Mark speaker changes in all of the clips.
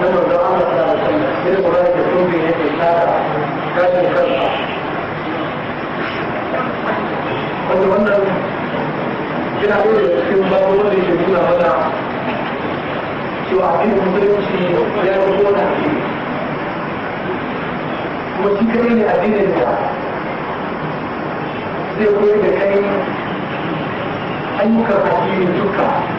Speaker 1: na manzo Allah ta da sunna sai Qur'ani da sunna yake tsara kashin kansa wanda wannan yana dole da cikin babu wanda yake nuna mana cewa abin da musulunci ya yi kowane addini kuma shi kadai ne da kai duka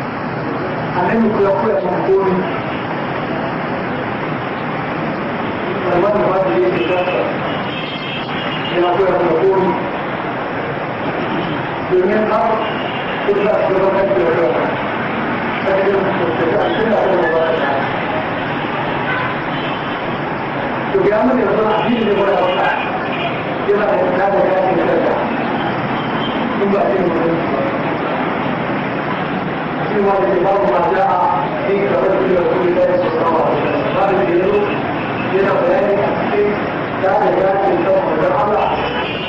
Speaker 1: annabi ko ya koya mun komi wannan ba da yake da yana koya mun komi domin har kusa da wannan da ya koya sai da su da shi da wannan ba da to ga mun da wannan abin da ba da yana da kada da ya koya in ba sai mun سوى الإمام ما جاء في تبدل رسول الله صلى الله عليه وسلم هذا الدليل إلى بيان تحقيق لا يزال في الكون جعل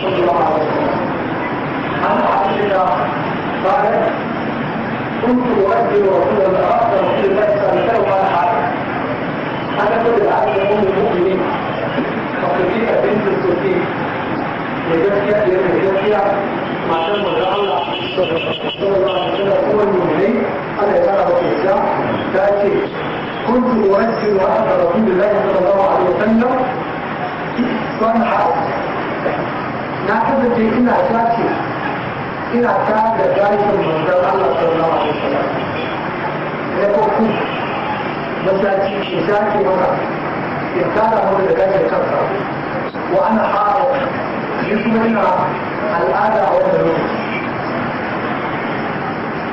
Speaker 1: صلى الله عليه وسلم عن عائشة قالت كنت أؤدي رسول الله رسول الله صلى الله عليه وسلم أنا كنت عائشة أم المؤمنين وخديجة بنت الصديق لجسيا لجسيا ما شاء الله صلى الله عليه وسلم هو المنعي أنا يتعرف الإسلام تأتي كنت أؤذن وأنا رسول الله صلى الله عليه وسلم صنحة نعتقد إن أساسي إن أساس ذلك المنزل الله صلى الله عليه وسلم يقول كنت مساجي إنسان في مرة إنسان هو الذي كان وأنا حاضر shi kuma yana al'ada a wanda lokaci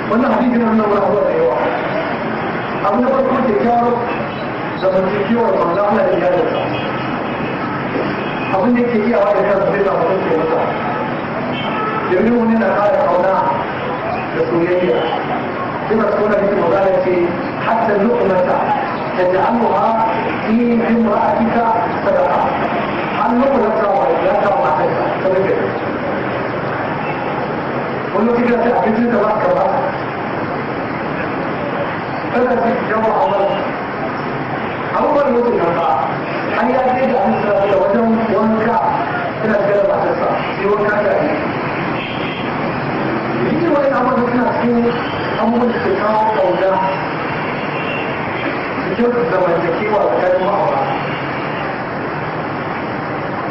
Speaker 1: wannan hadisi na nuna wani abuwa da yawa abu na farko da kyawar zamantakewar manzo Allah da iyalinsa abin da yake iya wa da kansa zai samu mutunce masa domin wani na ƙara kauna da soyayya sai masu kona da kuma zala ce hatta lukumata ta ja'aluha fi imra'atika sadaqa hannunku na kawo ya kawo mata ta rufe wani cikin ta abincin ta ka ta a an yi wajen wanka tana gada matarsa sai wanka ta yi wani suna da ke kawo kauna cikin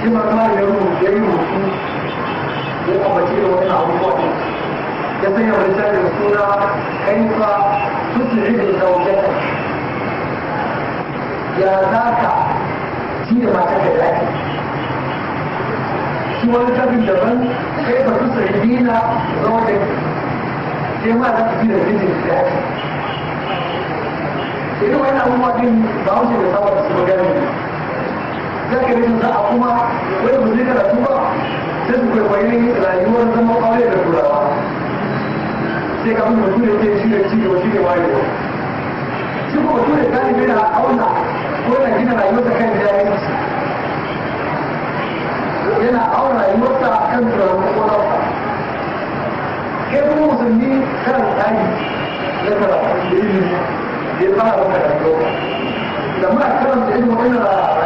Speaker 1: shi ma ma ya mu ya yi mutu ko a bace da wani abubuwa ne ya sanya wani da suna kaifa tutri da zaujata ya za ka ci da matar da zaki shi wani tarin daban kaifa tutri dina zaujata sai ma za ka ci da mijin da zaki irin wani abubuwa din ba wuce da sabon su magana ne zakarin za a kuma wai ba zai karatu ba sai su kwaikwayi rayuwar zama aure da turawa sai kafin mutum ya ce shi ne ci gaba shi ne wayewa shi kuma mutum ya galibi na auna ko yana gina rayuwarsa kan jayanci yana auna rayuwarsa kan turawa ko nasa kai kuma musulmi kan tsari na karatu da ilimi da ya fara da karatu da muna karanta ilimin wani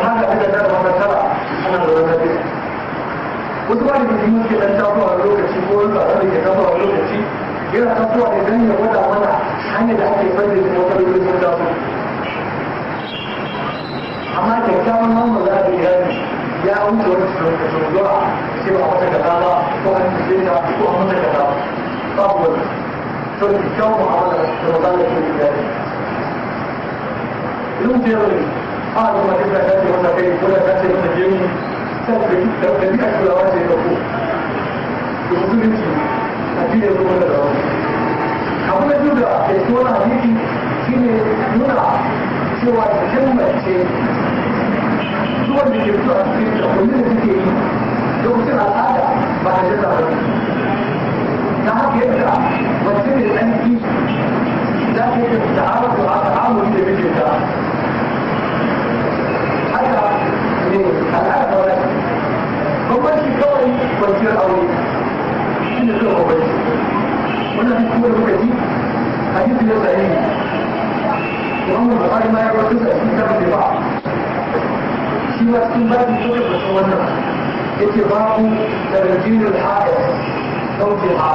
Speaker 1: amma da aka da wata tara ana da wata tara wasu wani da jini ke dan tasowa a lokaci ko wani zaɓen da ke tasowa a lokaci yana tasowa ne don ya gwada mana hanyar da ake fadda da wata lokaci sun taso amma kyakkyawan mamma za a iya ya wuce wani tsoron zuwa ce ba a wata kaza ba ko an ce ta ko an wata kaza ba babu wani to kyakkyawan mu'amala da ba za a iya yi irin a zuwa duk da ta ce wata kai ko da ta ce wata gemu da ɗabi'a turawa ce ta ko da musulunci addinin zuwa da rawa abu na biyu da ke so na hadisi shine nuna cewa cikin mace zuwan da ke zuwa cikin da kullum da suke yi na al'ada ba a jasa ba na haka yadda da mai tsanki da ta yi da harkar aure shi ne zuwa kwaci wannan kuma da kwaci a yi fiye da yi wannan da fari ma ya wasu da su ta mafi ba shi ma sun ba su kuma da wannan yake babu da rajinin haɗa sauke ha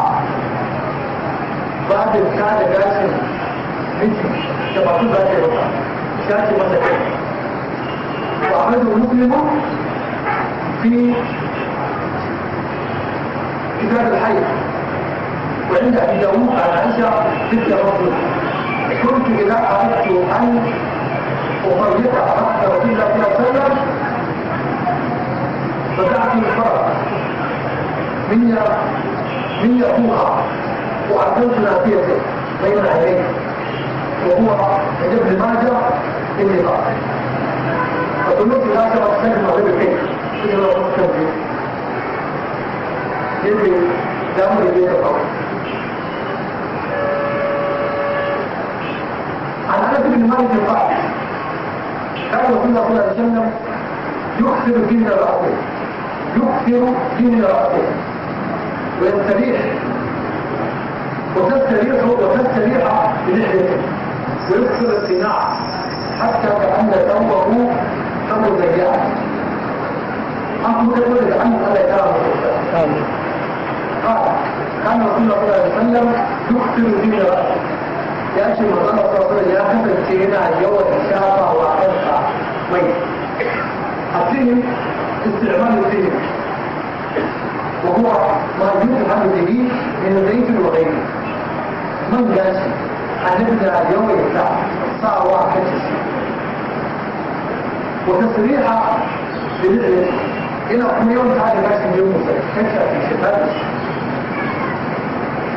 Speaker 1: babin ka da gashin miki da ba su za ta yi ba shashi masa kai wa hajji muslimu fi كتاب الحي وعند أبي داوود على عائشة بنت رجل كنت إذا أردت أن أفرق عهد رسول الله صلى الله عليه وسلم فدعت الفرق من من يأبوها وعدلت نافيته بين عينيه وهو عند ابن ماجه اني قاتل فقلت لا ترى السجن ما بين الحين يجي دم يجي عن أنس بن مالك قال رسول الله صلى الله عليه وسلم يكثر دين رأسه يكثر دين رأسه ويستريح وتستريح وتستريح بلحيته ويكثر الصناعة حتى كأن ثوبه ثوب زيادة أنت متولد عنه ألا يتعلم كان رسول الله صلى الله عليه وسلم يخطر به رأسه يأتي مدام صلى الله عليه وسلم يا حسن سيدنا يوم الشافع وأرفع ميت طيب. السلم استعمال السلم وهو ما يفهم به من زيت وغيره من جاسي حدثنا اليوم الساعة الساعة واحدة وتسريحة بالعلم إلى كل يوم تعالى ناس اليوم مسكتة في شفاء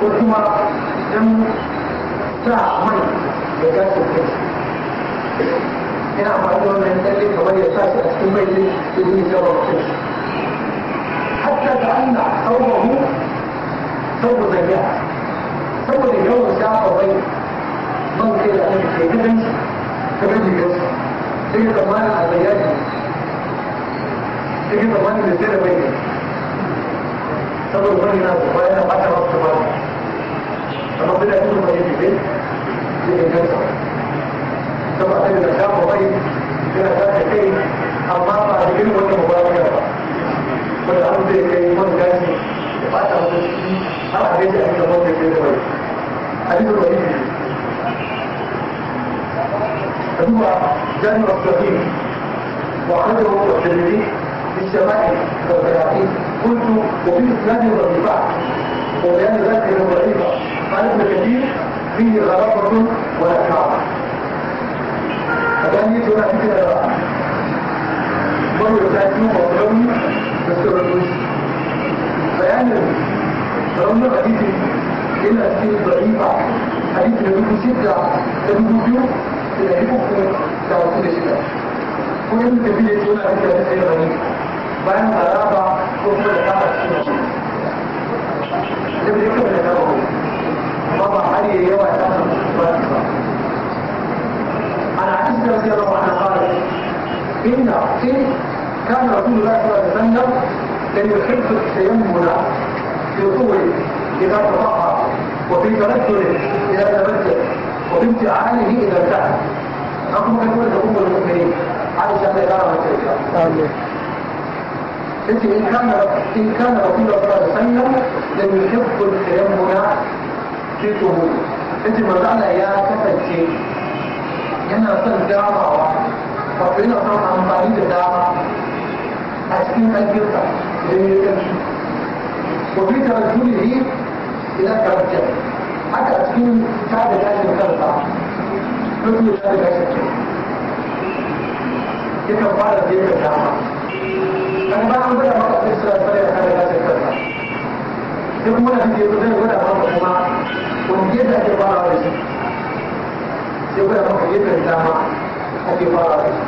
Speaker 1: ko kuma dan ta mai da gasar kai ba amfani wani ɗan tsalle kamar ya sa shi a cikin mai ne su yi gaba kai hatta da an na kawo saboda ya saboda yawan shafa mai man kai da ake kai gidan shi ta gaji gasu sai ka tsammanin a zayyaki sai ka tsammanin da sai da mai ne saboda wani na zuwa yana ta wasu ba ربنا يكون طيب البيت للإنسان سواء كان الإسلام وطيب كان ذات شيء الله بعد كل وجه مبارك والأرض يكون جاسي حتى أنا عايز أن الله يكون طيب حديث الوليد هو جنة الصغير وقدره الترمذي في الشمائل والبياعين كنت وفي اسناد الرفاع وبيان ذلك الرفيقه ألف كثير فيه غرابة وأشعار فكان يجي وقت كده بقى مرة تأتي ومضربني بس ردوش فيعني رمنا حديث إلى أسئلة ضعيفة حديث نبيه ستة نبيه فيه إلى نبيه تعرفون ستة وإن كبير يجي وقت كده بس غريب بيان غرابة وفي الغرابة السنة لم يكن لنا har ya yawa ya kasa baki ba ana hadisi da sai rawa na kare inna in kana rasulullahi لم يحب التيمم في طول إذا تطهر وفي ترجله إذا تمتع وفي امتعانه إذا ارتاح رقم كثير أم المؤمنين عائشة إدارة الكريمة أنت إن كان إن كان رسول الله صلى الله عليه وسلم لم يحب التيمم jituhu yace manzo Allah ya kasance yana son damawa wato yana son amfani da dama a cikin hankinsa idan ya kanshi ta fi tarjulihi ila tarjah haka a cikin tada gashin kansa duk ne tada gashin kansa kan fara jefa dama kan ba an gwada maka sai sura sura ya kada gashin kansa duk muna da ke gudanar da kuma to yadda ake fara da shi sai kuma maka yadda dama ake fara da shi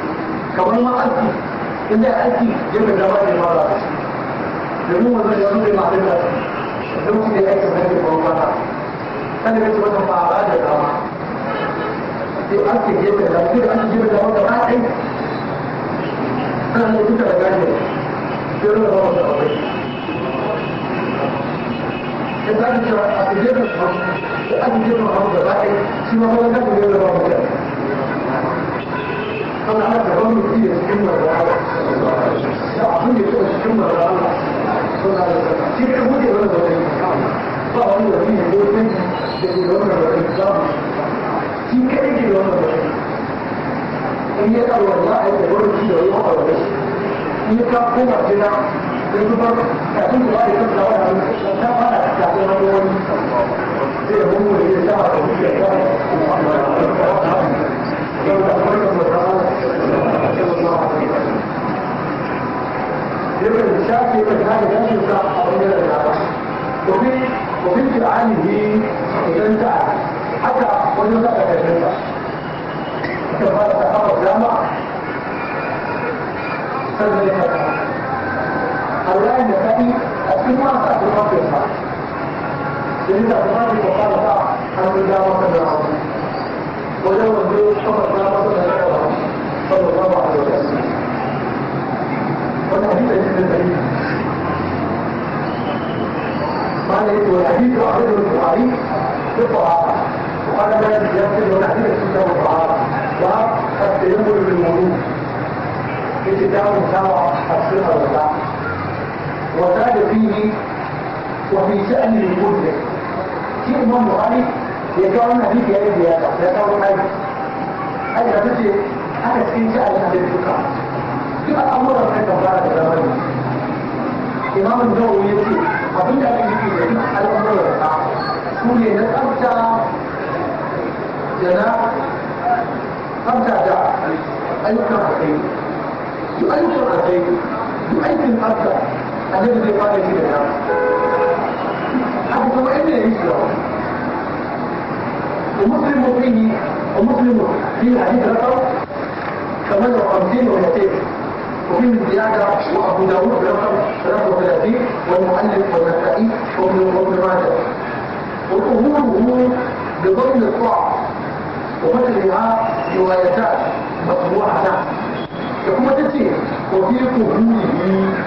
Speaker 1: kamar ma aiki inda aiki yadda dama ake fara da shi domin wannan ya zama ma da lokacin da ya aika zai ba fara kada ka wata fara da dama sai aiki yadda dama sai aiki yadda dama gaba ɗaya sannan da duka da gashi sai ruwa ba wata abai in za a da aka jefa da a da yau da da da ba wani da ke da za mu shi kai ya tsaro Allah ya tsaro shi da gida يعتبر تأكيد هذه الفترة ولا من الشرطة ولا تعطيها هو هي هو اللي شعر به يبقى الشاكي من هذا الجانب بتاع قضية الإعراض وفي وفي العالم دي مستمتع حتى وإنه لا تتجمع كما تحرك جامع فلن يتجمع التي الدماغ في المنطقة لأن الغالب وقال عن إدارة العظيم ولو البيت حفظ ما قبل صلى الله عليه وسلم والحديث عند البيت قال والحديث أخرجه البخاري في الطعام وقال لا يمكن والحديث في الطعام والتيمم بالمولود في كتاب مساواه تفسير الولاء وكاد فيه وفي شأنه كله شيء من بخاري يعني يكون هذه في هذه الزيادة يكون هذه هذه هذه حاجة في شأن هذه الفكرة كما أمر في الكفارة الزمن إمام النووي يجي أبدا يجب أن الأمر كل نسألت جناح أبدا دع أيها الأخير يؤيد الأخير يؤيد الأخير annabi zai fara shi da nasu abu kuma inda ya ومسلم فيه ومسلم في الحديث رقم 58 و200 وفي زيادة وأبو داوود رقم 33 والمؤلف والنسائي وابن وابن ماجه والأمور أمور بضمن الطاعة ومثلها روايتان مطبوعتان يقوم تسير وفي قبوله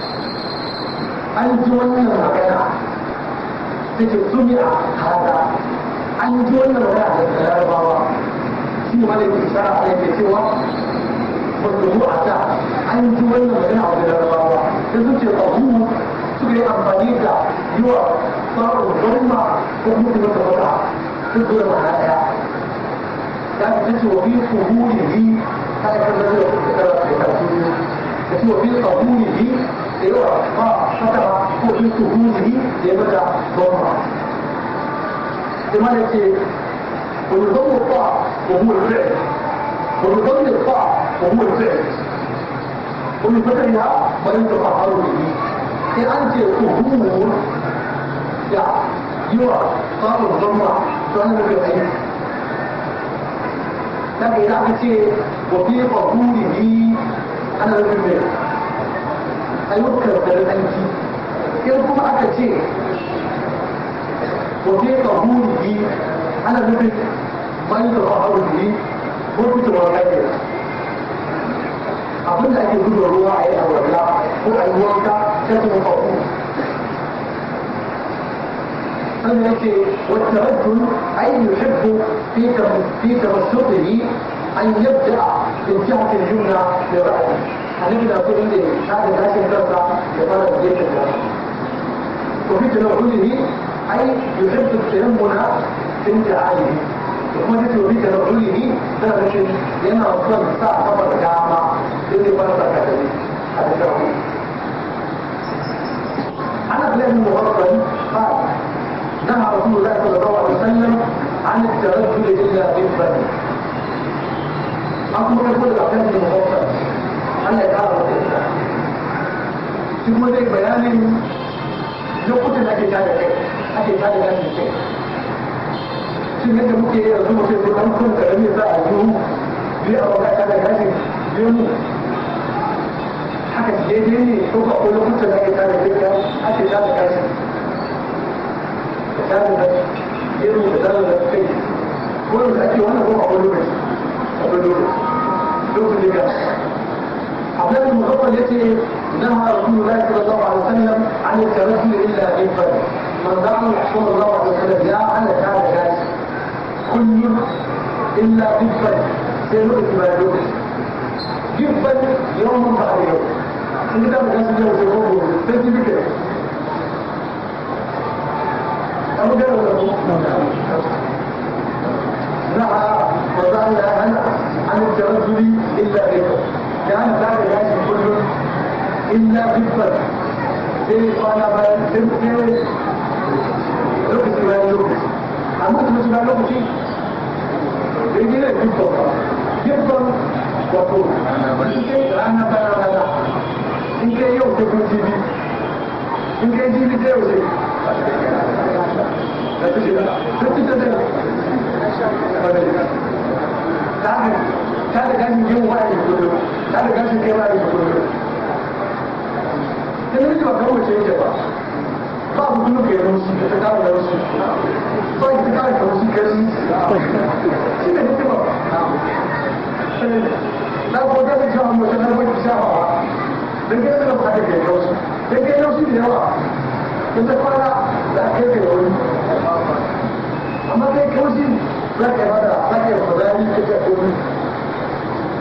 Speaker 1: an ji wannan magana ta take sumi'a hada an ji wannan magana da ta yarbawa shi ne malaka ishara a yake cewa wasu a ta an ji wannan magana a wajen larabawa da suke su suka yi amfani da yiwa tsarin gwamma ko kuma kuma ta wata ta zo da ma'ana ɗaya ya ta ce wa biyu kuhuri ne ta yi kan zai da ta tsara da ya وفي قبوله يرى ما شكر وفي قبوله يبدا ضرا لماذا ونظام الطاعة وهو الفعل ونظام الطاعة وهو الفعل ومن بدلها ما يتفعل به في أنت قبول يعني يرى قام الضمة فأنا بالعين لكن إذا أنت وفي قبوله ana nufin mai ayyukan ɗanɗanki in kuma aka ce wafe ka huri ana nufin man da ba a wuri ko fitowar ɗanɗe abinda ake zuba ruwa a yi a wanda ko a yi wanka ta kuma ƙafu sannan yake wata rabbin ayyuhibbu fi tamassuɗi an yadda a. يمسحك الجنة لرأسه هنبدأ في عندي بعد ذلك الدرجة لطلب بيت الله وفي تنعله أي يحب التيمم في انتعاله وكما تتلو في تنعله درجة لأنها أصلا ساعة فقط جامعة اللي برضا كتبه هذا التوحيد عن أبلاد المغرب قال نهى رسول الله صلى الله عليه وسلم عن الترجل إلا بالبدن an kuma yi kula kan ne mahaukar Allah ya kara wata ita shi kuma zai bayanin lokutan ake tada ake tada kan da kai yadda muke yi yanzu mutum ko dan kun rami za a yi biyu a baka tada kai biyu haka daidai ne ko ba ko lokutan da ake tada kai ake tada kai da tada da irin da tada da kai ko yanzu ake ko حلول دبلجة عبد المغفر التي نهى رسول الله صلى الله عليه وسلم عن التوكل الا في الفرد من دعا رسول الله صلى الله عليه وسلم يا على هذا الناس كل الا في الفرد سيروا اتباعه جبا يوم بعد يوم انت بتحس ان الجمهور تجي بكده نهى والله لا منع عن التوسل إلا بك كان لا يجب كل إلا بالفتح sai kwana bayan sai lokaci bayan lokaci amma kuma shiga lokaci sai gina gibson ba gibson wato in kai rana bayan rana in kai yau sai kuma jibi in kai ta da ganin yin wa'ayi kudu ta da ganin kai wa'ayi kudu da yake ba kawo ce yake ba ba mu kuma kai rusu ta ta da rusu ba ki ta ka rusu kai shi ne ne ba na ko da ji amma da na ba ki sha ba da ke da ba ta kai rusu da ke rusu da yawa da ta fara da kai kai wani amma kai kai rusu zaka mada hanyar ba za ni kika komi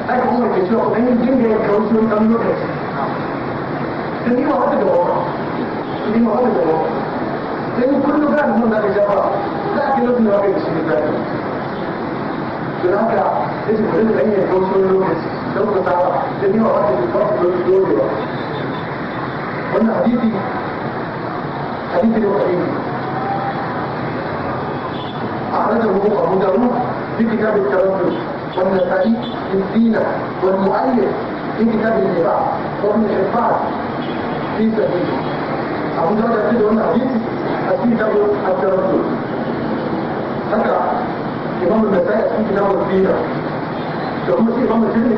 Speaker 1: aka kuma ke cewa kuma yin dinga yin kauci wani ɗan lokaci sun yi ma wata da wawa sun yi ma wata da wawa sai yi kullum za a nuna da shafa za a kira su ne wakai da shi ne zafi don haka ya ce bari da ɗan yin kauci wani lokaci don ku saba sun yi ma wata da wawa su zo da wannan hadisi hadisi ne wa hadisi أخرجه أبو داود في كتاب التلبس والنسائي في الزينة والمؤلف في كتاب الزراعة وابن حبان في سبيله أبو داود يقول أن حديث في كتاب التلبس حتى إمام النسائي في كتاب الزينة ثم في إمام الترمذي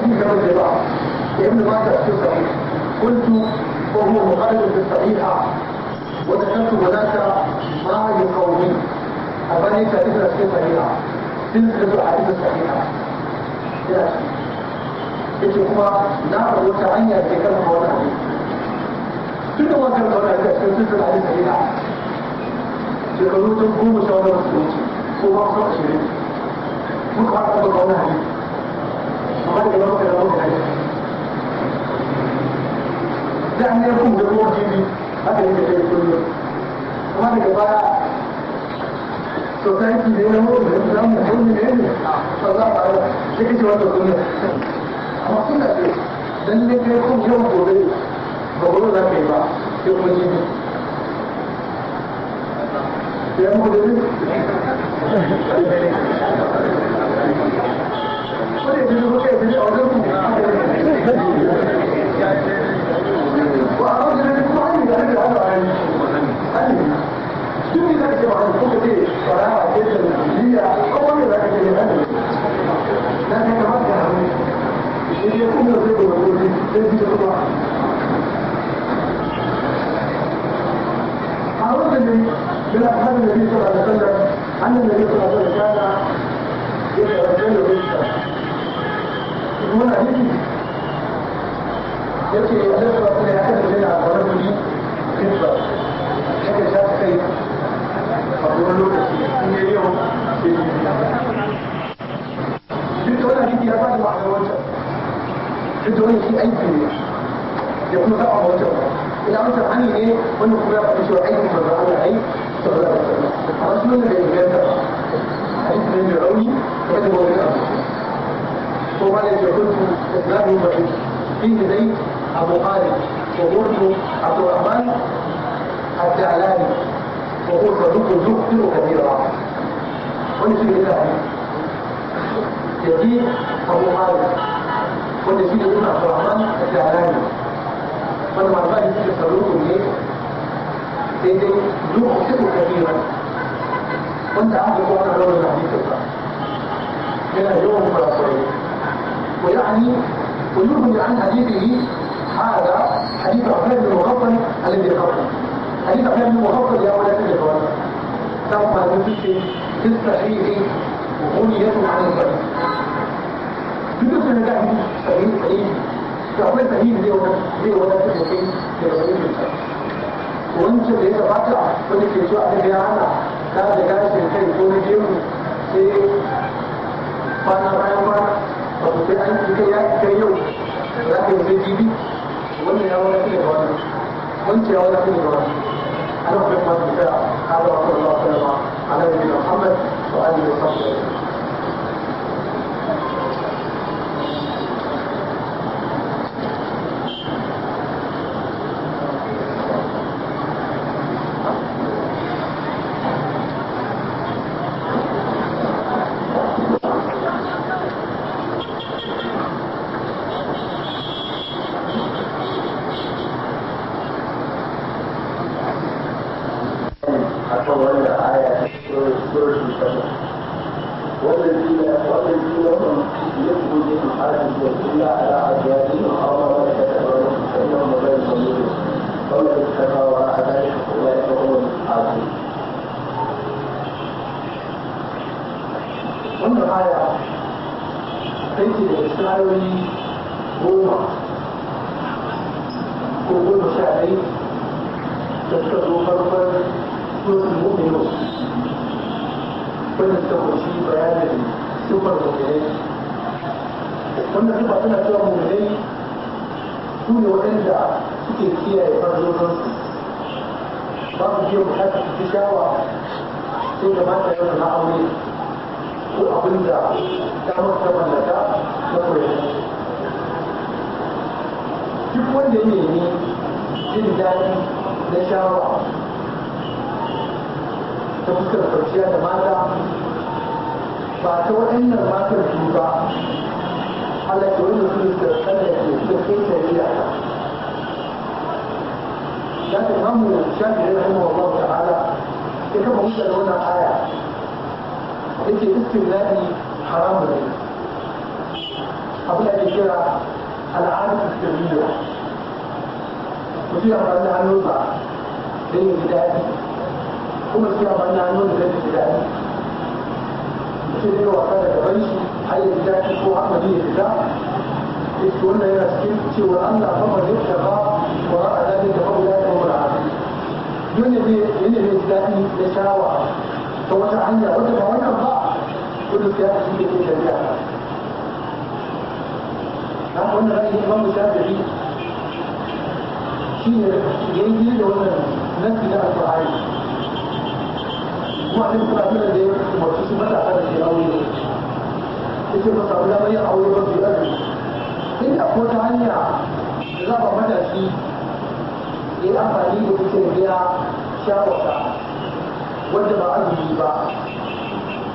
Speaker 1: في كتاب الزراعة ابن ماجه في الصحيح قلت وهو مخالف في الصحيحة وذكرت هناك ما يقويه أبني كلمة شيء صحيحة سلسلة حديث صحيحة إلى yace kuma na a wata hanya da kan wani abu tun da wannan zaune da cikin sirrin hadin da yana shekaru tun goma sha wani wasu wuce ko ba su ashirin muka haɗa da wani hadin amma da gaba da wani hadin da da baya تكاتب بينهم الإسلام مهم منين؟ الله تعالى ليش وتقول أما كنا في لن يكون يوم طويل بقولوا لك إيه يوم الجمعة يا مدرس وأعرض لكم عني هذا عن Tudo isso aqui, ó, tudo que parar, deixa no dia, como é que ele vai? Não tem que matar, né? Ele é como eu digo, eu vou dizer, tem que tomar. أعرف من من أصحاب النبي صلى الله عليه وسلم أن النبي صلى الله عليه وسلم كان يتوكل بالشر. هنا هيك يأتي يزور في أحد من أعضاء الجسم كتبه. كيف شاف كيف الدولة هي يبان على الوجه الدولة في أي فيلم يكون تبع إذا الأمر عني إيه وإنه كلها قد شو أي مرة على أي سؤال أصلا الإجابة تبع أي فيلم يروني وإذا هو الأمر وما الذي يكون إسلامه بعيد فيه بيت أبو خالد وغرفه عبد الرحمن الدعلاني وهو صدوق يكثر كثيرا كل شيء له يزيد أبو عبد الرحمن الدهراني وأنا ما أعرف يسألوكم ليه؟ لأن ذو خطته وأنت عارف وأنا لون الحديث من اليوم الفلسطيني ويعني ويخرج عن حديثه هذا حديث عبد بن مغفل الذي قبله حديث عبد بن مغفل يا ولد الإخوان سوف نجد في الصحيح غنية عن الغنى duk da na gani sahihi sahihi to akwai sahihi zai wani zai wani da kai da wani wancan da ya gabata wani ke so a ga ya hana ka da gashin kai ko na gemu sai kwana bayan ba ku sai an kai ya kai yau za ka yi sai bibi wannan ya wani da wani wancan ya wani da wani أنطلق الدفاع عن رسول الله صلى الله عليه وسلم على نبينا محمد وآله وصحبه المستشفى والذين والذين يخرج الحاج على عجائب الحرام والكتب والمستقيم وغير المؤمنين ومن اتقى وراء ذلك اولئك هم الحاجون wannan aya sai ce da wannan sifa tana cewa mummunai su ne waɗanda suke kiyaye su, ba su biyo bukatar su shawa sai da mata yau na aure ko abin da damar ta mallaka na kwaye duk wanda ya nemi jin daɗi na shawa ta fuskar kwanciya da mata ba ta waɗannan matar su ba على كل في سنة يستفيد بها كان الإمام الشافعي رحمه الله تعالى كتب موسى لنا آية التي استغلالي حرام عليه أبدا كثيرة العادة السرية وفيها بعدها نوبة بين البلاد kuma suke amfani da hannun da zai fi daɗi. Shi ne wa kada da bai shi حي بتاع الشيوعة مدينة بتاع يقول لي رسكتي وأن فقد يبتغى وراء ذلك فأولئك هم العالمين ينهي ينهي الزاني يشاوى فوتعنى وجب ويرضى كل سياسة في الجميع نعم قلنا رأي الإمام الشافعي شيء يجي لو نفي ده القرآن واحد من القرآن ده مرتبط بقى على الأول cikin ba samu damar yin aure ba su azumi inda ko ta hanya da za a matashi ya yi amfani da ita ya biya shawarta wanda ba azumi ba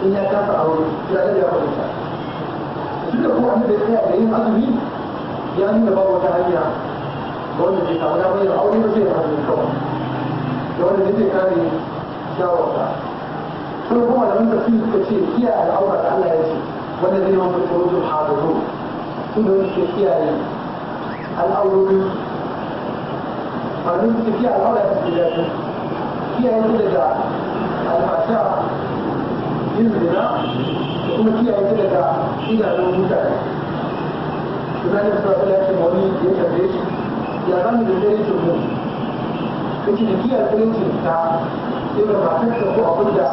Speaker 1: in ya kasa aure ya ga ya kwanta Da ko an da tsaya da yin azumi ya nuna ba wata hanya ba wanda zai samu damar yin aure ba zai yi azumi kawai da wanda zai kare shawarta sun kuma da wanda su suka ce kiyaye al'aura da Allah ya ce والذين هم في الخروج حاضرون بدون اختيار الأول فنمسك فيها الغلط بذاته فيها يدرج الفحشاء للزنا وكما فيها يدرج إلى المتابعة بما نفسه إلى الشمالي يتبريش يغني بالبيت المؤمن لكن فيها البريد بتاع إذا ما تكتب أقول ده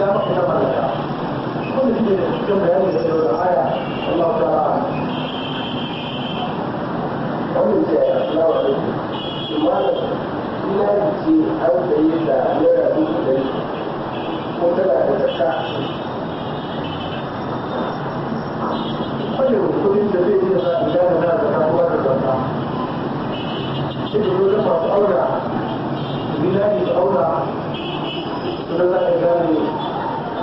Speaker 1: ده ما كتب على ده كل شيء يشكل هذه الرعاية الله تعالى ومن جاء الله عليه وسلم ina jiki an sayi da naira dubu ɗari ko tana da zakka kwanin kudin da zai iya sa ina da na zakka kuma da zakka shi da yau da masu aura bila ne da aura suna za ka gane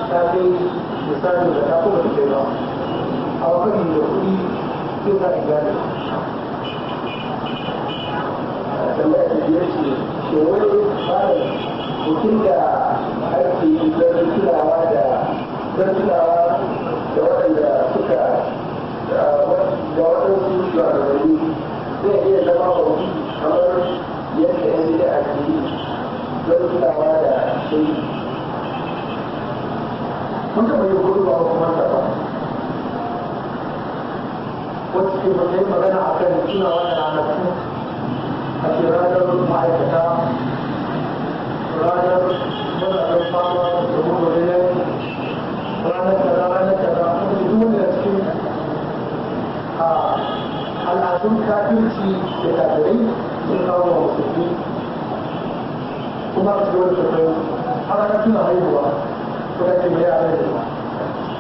Speaker 1: ta kai misali da ta kuma ce ba a wakilin da kuɗi sai za a gane tambaya da biyar ce ke wani tsarin mutum da ake yi don tunawa da don tunawa da waɗanda suka da waɗansu shugabanni zai iya zama wani kamar yadda yan da ake yi don tunawa da shi mun taɓa yin hudu ba kuma da ba wacce ke ba yi magana a kan tunawa da ranaku a ke ranar ma'aikata ranar mazalar fama da mawaliyar ranar kaza ranar kaza kuma duk wanda cikin a al'adun kafirci da kafirai sun kawo wasu musulmi kuma a cikin wani tafiya har a tuna haihuwa ko yake mai yara ne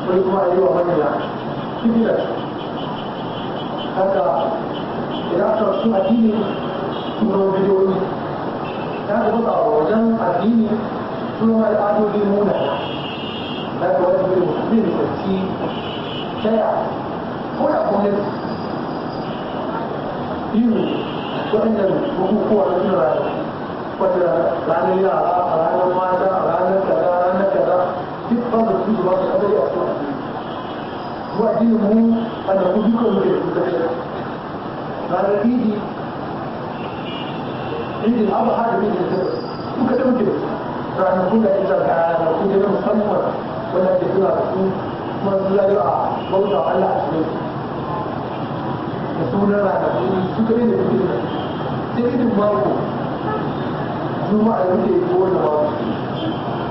Speaker 1: ko kuma a yi wa manya kibiyar haka idan aka su addini kuma bidiyoyi ya ta ba a wajen addini kuma mai adodi nuna ya ta wani bidiyo mutum ne kwanci daya ko ya gwamnati yin waɗannan bukukuwa na jin rayuwa ranar yara ranar mata ranar kaza ranar kaza في قادر في جواب الأبي أصلاً وأدينه أن أقول بكم بالمدرسة فأنا إيدي إيدي الأبا حاجة بيدي الزبس وكتبوا كده فأنا أقول لك إذا كان على عشرين رسولنا ما نقول سكرين لكتبنا تجد الماركو جمعة يمكن يقول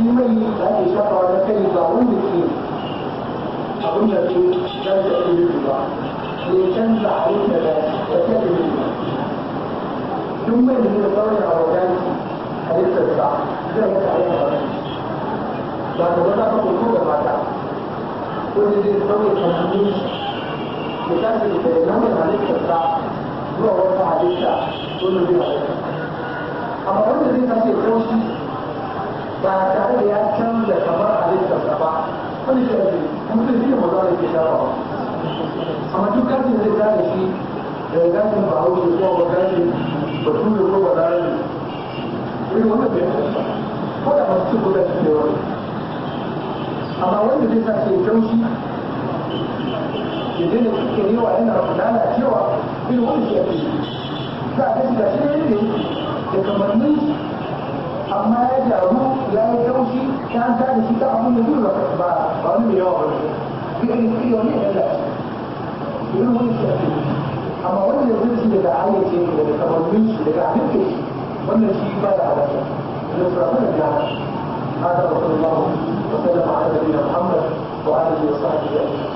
Speaker 1: 因为咱底下搞的这一段问题，他们那边主要是因为这个，你先找他们，再解决。因为你们搞的这个案件，还得调查，这个还得调查。咱们这个工作怎么办？就是说，我们从上面一开始，就认为咱们还得调查，如果查清楚了，就离开了。那么我们这边是确 ba tare da ya canza kamar halittarsa ba wani shi ake mutum shi ne maza da ke shafa amma duk gashin zai zaga shi daga gashin ba hau ko ba gashin ba su ne ko ba zaga ne irin wannan bai halitta ko da masu cikin gudan su ne wani amma wanda zai sa shi taushi ya daina cikin yawa yana cewa irin wani shi ake za a gashi gashi ne ne da kamar kamannin amma ya jaru ya yi taushi ta an da shi ta abin da zai ba ba ba wani da yawa ba ne irin irin wani ya da irin wani shi ake amma wanda ya zai shi daga ayyace ne daga kamannin shi daga abinke shi wannan shi ba da halatta da surafin da hada wa sallallahu wa sallama ala nabiyina muhammad wa alihi wa sahbihi ajma'in